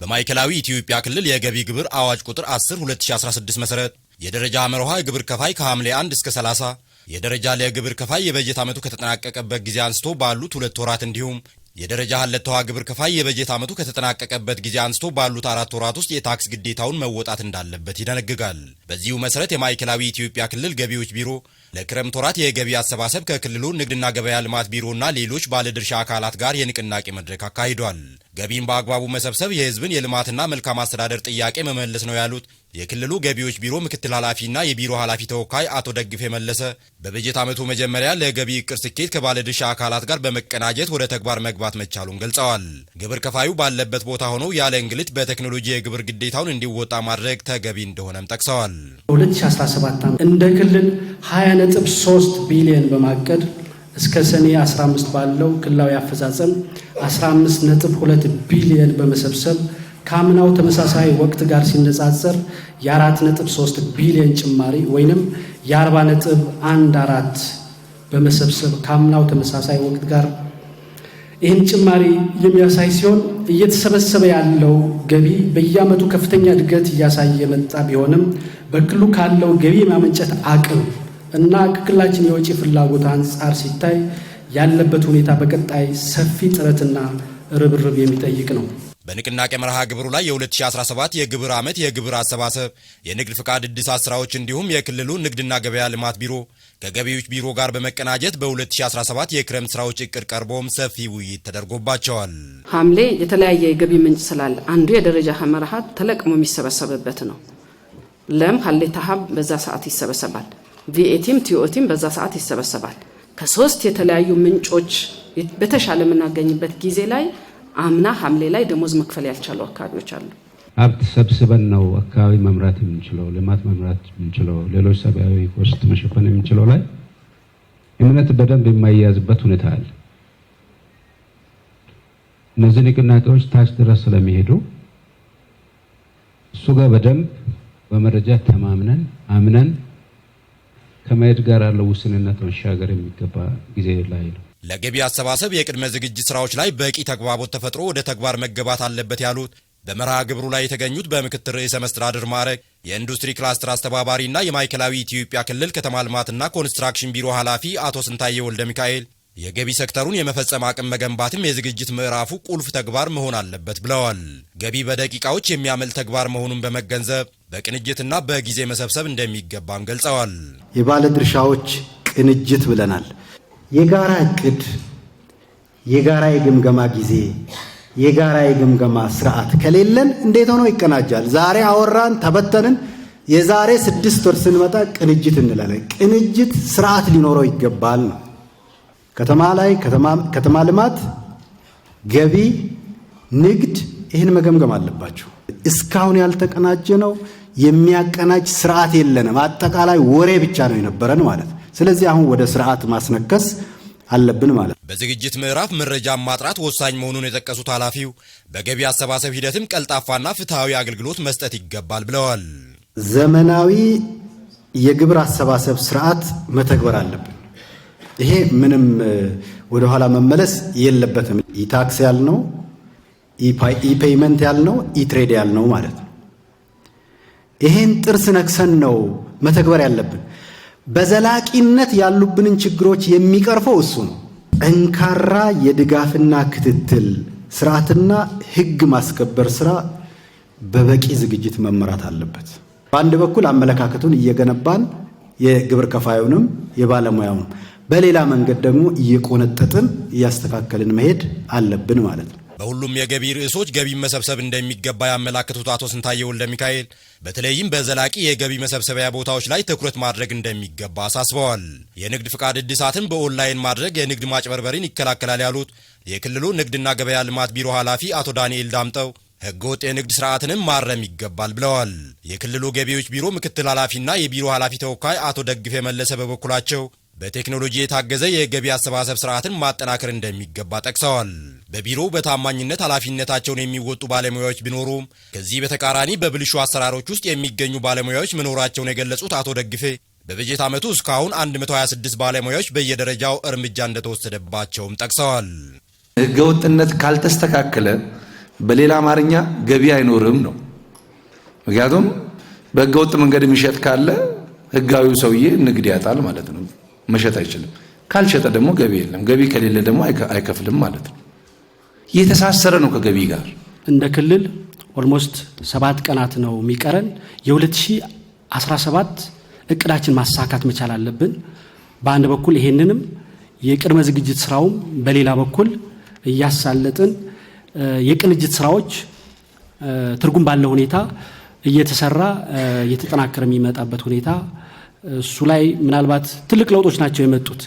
በማዕከላዊ ኢትዮጵያ ክልል የገቢ ግብር አዋጅ ቁጥር 10 2016 መሰረት የደረጃ መርሃ ግብር ከፋይ ከሐምሌ 1 እስከ 30 የደረጃ ለግብር ከፋይ የበጀት ዓመቱ ከተጠናቀቀበት ጊዜ አንስቶ ባሉት ሁለት ወራት እንዲሁም የደረጃ ሀለተዋ ግብር ከፋይ የበጀት ዓመቱ ከተጠናቀቀበት ጊዜ አንስቶ ባሉት አራት ወራት ውስጥ የታክስ ግዴታውን መወጣት እንዳለበት ይደነግጋል። በዚሁ መሰረት የማዕከላዊ ኢትዮጵያ ክልል ገቢዎች ቢሮ ለክረምት ወራት የገቢ አሰባሰብ ከክልሉ ንግድና ገበያ ልማት ቢሮና ሌሎች ባለድርሻ አካላት ጋር የንቅናቄ መድረክ አካሂዷል። ገቢን በአግባቡ መሰብሰብ የህዝብን የልማትና መልካም አስተዳደር ጥያቄ መመለስ ነው ያሉት የክልሉ ገቢዎች ቢሮ ምክትል ኃላፊና የቢሮ ኃላፊ ተወካይ አቶ ደግፌ መለሰ በበጀት ዓመቱ መጀመሪያ ለገቢ እቅድ ስኬት ከባለድርሻ አካላት ጋር በመቀናጀት ወደ ተግባር መግባት መቻሉን ገልጸዋል። ግብር ከፋዩ ባለበት ቦታ ሆኖ ያለ እንግልት በቴክኖሎጂ የግብር ግዴታውን እንዲወጣ ማድረግ ተገቢ እንደሆነም ጠቅሰዋል። 2017 እንደ ክልል 20.3 ቢሊዮን በማቀድ እስከ ሰኔ 15 ባለው ክልላዊ አፈጻጸም 15.2 ቢሊየን በመሰብሰብ ከአምናው ተመሳሳይ ወቅት ጋር ሲነጻጸር የ4.3 ቢሊየን ጭማሪ ወይንም የ40.14 በመሰብሰብ ከአምናው ተመሳሳይ ወቅት ጋር ይህን ጭማሪ የሚያሳይ ሲሆን እየተሰበሰበ ያለው ገቢ በየዓመቱ ከፍተኛ እድገት እያሳየ መጣ ቢሆንም በክልሉ ካለው ገቢ የማመንጨት አቅም እና ከክልላችን የወጪ ፍላጎት አንጻር ሲታይ ያለበት ሁኔታ በቀጣይ ሰፊ ጥረትና ርብርብ የሚጠይቅ ነው። በንቅናቄ መርሃ ግብሩ ላይ የ2017 የግብር ዓመት የግብር አሰባሰብ፣ የንግድ ፍቃድ እድሳት ስራዎች እንዲሁም የክልሉ ንግድና ገበያ ልማት ቢሮ ከገቢዎች ቢሮ ጋር በመቀናጀት በ2017 የክረምት ስራዎች እቅድ ቀርቦም ሰፊ ውይይት ተደርጎባቸዋል። ሐምሌ የተለያየ የገቢ ምንጭ ስላለ አንዱ የደረጃ መርሃ ተለቅሞ የሚሰበሰብበት ነው። ለም ሀሌ ታሀብ በዛ ሰዓት ይሰበሰባል። ቪኤቲም ቲኦቲም በዛ ሰዓት ይሰበሰባል። ከሶስት የተለያዩ ምንጮች በተሻለ የምናገኝበት ጊዜ ላይ አምና ሐምሌ ላይ ደሞዝ መክፈል ያልቻሉ አካባቢዎች አሉ። ሀብት ሰብስበን ነው አካባቢ መምራት የምንችለው፣ ልማት መምራት የምንችለው፣ ሌሎች ሰብአዊ ኮስት መሸፈን የምንችለው ላይ እምነት በደንብ የማያያዝበት ሁኔታ አለ። እነዚህ ንቅናቄዎች ታች ድረስ ስለሚሄዱ እሱ ጋር በደንብ በመረጃ ተማምነን አምነን ከማየት ጋር ያለው ውስንነት መሻገር የሚገባ ጊዜ ላይ ነው። ለገቢ አሰባሰብ የቅድመ ዝግጅት ስራዎች ላይ በቂ ተግባቦት ተፈጥሮ ወደ ተግባር መገባት አለበት ያሉት በመርሃ ግብሩ ላይ የተገኙት በምክትል ርዕሰ መስተዳድር ማዕረግ የኢንዱስትሪ ክላስተር አስተባባሪና የማዕከላዊ ኢትዮጵያ ክልል ከተማ ልማትና ኮንስትራክሽን ቢሮ ኃላፊ አቶ ስንታየ ወልደ ሚካኤል የገቢ ሴክተሩን የመፈጸም አቅም መገንባትም የዝግጅት ምዕራፉ ቁልፍ ተግባር መሆን አለበት ብለዋል። ገቢ በደቂቃዎች የሚያመል ተግባር መሆኑን በመገንዘብ በቅንጅትና በጊዜ መሰብሰብ እንደሚገባም ገልጸዋል። የባለ ድርሻዎች ቅንጅት ብለናል። የጋራ እቅድ፣ የጋራ የግምገማ ጊዜ፣ የጋራ የግምገማ ስርዓት ከሌለን እንዴት ሆኖ ይቀናጃል? ዛሬ አወራን ተበተንን። የዛሬ ስድስት ወር ስንመጣ ቅንጅት እንላለን። ቅንጅት ስርዓት ሊኖረው ይገባል ነው ከተማ ላይ ከተማ ልማት፣ ገቢ፣ ንግድ ይህን መገምገም አለባቸው። እስካሁን ያልተቀናጀ ነው። የሚያቀናጅ ስርዓት የለንም። አጠቃላይ ወሬ ብቻ ነው የነበረን ማለት። ስለዚህ አሁን ወደ ስርዓት ማስነከስ አለብን ማለት። በዝግጅት ምዕራፍ መረጃ ማጥራት ወሳኝ መሆኑን የጠቀሱት ኃላፊው በገቢ አሰባሰብ ሂደትም ቀልጣፋና ፍትሐዊ አገልግሎት መስጠት ይገባል ብለዋል። ዘመናዊ የግብር አሰባሰብ ስርዓት መተግበር አለብን። ይሄ ምንም ወደኋላ መመለስ የለበትም። ኢታክስ ያልነው ኢፔይመንት ያልነው ኢትሬድ ያልነው ማለት ነው። ይሄን ጥርስ ነክሰን ነው መተግበር ያለብን። በዘላቂነት ያሉብንን ችግሮች የሚቀርፈው እሱ ነው። ጠንካራ የድጋፍና ክትትል ስርዓትና ህግ ማስከበር ስራ በበቂ ዝግጅት መመራት አለበት። በአንድ በኩል አመለካከቱን እየገነባን የግብር ከፋዩንም የባለሙያውንም በሌላ መንገድ ደግሞ እየቆነጠጥን እያስተካከልን መሄድ አለብን ማለት ነው። በሁሉም የገቢ ርዕሶች ገቢ መሰብሰብ እንደሚገባ ያመላክቱት አቶ ስንታየው ወልደ ሚካኤል በተለይም በዘላቂ የገቢ መሰብሰቢያ ቦታዎች ላይ ትኩረት ማድረግ እንደሚገባ አሳስበዋል። የንግድ ፍቃድ እድሳትን በኦንላይን ማድረግ የንግድ ማጭበርበሪን ይከላከላል ያሉት የክልሉ ንግድና ገበያ ልማት ቢሮ ኃላፊ አቶ ዳንኤል ዳምጠው ህገወጥ የንግድ ስርዓትንም ማረም ይገባል ብለዋል። የክልሉ ገቢዎች ቢሮ ምክትል ኃላፊና የቢሮ ኃላፊ ተወካይ አቶ ደግፌ መለሰ በበኩላቸው በቴክኖሎጂ የታገዘ የገቢ አሰባሰብ ስርዓትን ማጠናከር እንደሚገባ ጠቅሰዋል። በቢሮው በታማኝነት ኃላፊነታቸውን የሚወጡ ባለሙያዎች ቢኖሩም ከዚህ በተቃራኒ በብልሹ አሰራሮች ውስጥ የሚገኙ ባለሙያዎች መኖራቸውን የገለጹት አቶ ደግፌ በበጀት ዓመቱ እስካሁን 126 ባለሙያዎች በየደረጃው እርምጃ እንደተወሰደባቸውም ጠቅሰዋል። ህገወጥነት ካልተስተካከለ በሌላ አማርኛ ገቢ አይኖርም ነው። ምክንያቱም በህገወጥ መንገድ የሚሸጥ ካለ ህጋዊው ሰውዬ ንግድ ያጣል ማለት ነው። መሸጥ አይችልም። ካልሸጠ ደግሞ ገቢ የለም። ገቢ ከሌለ ደግሞ አይከፍልም ማለት ነው። የተሳሰረ ነው ከገቢ ጋር። እንደ ክልል ኦልሞስት ሰባት ቀናት ነው የሚቀረን። የ2017 እቅዳችን ማሳካት መቻል አለብን። በአንድ በኩል ይሄንንም የቅድመ ዝግጅት ስራውም በሌላ በኩል እያሳለጥን የቅንጅት ስራዎች ትርጉም ባለው ሁኔታ እየተሰራ እየተጠናከረ የሚመጣበት ሁኔታ እሱ ላይ ምናልባት ትልቅ ለውጦች ናቸው የመጡት።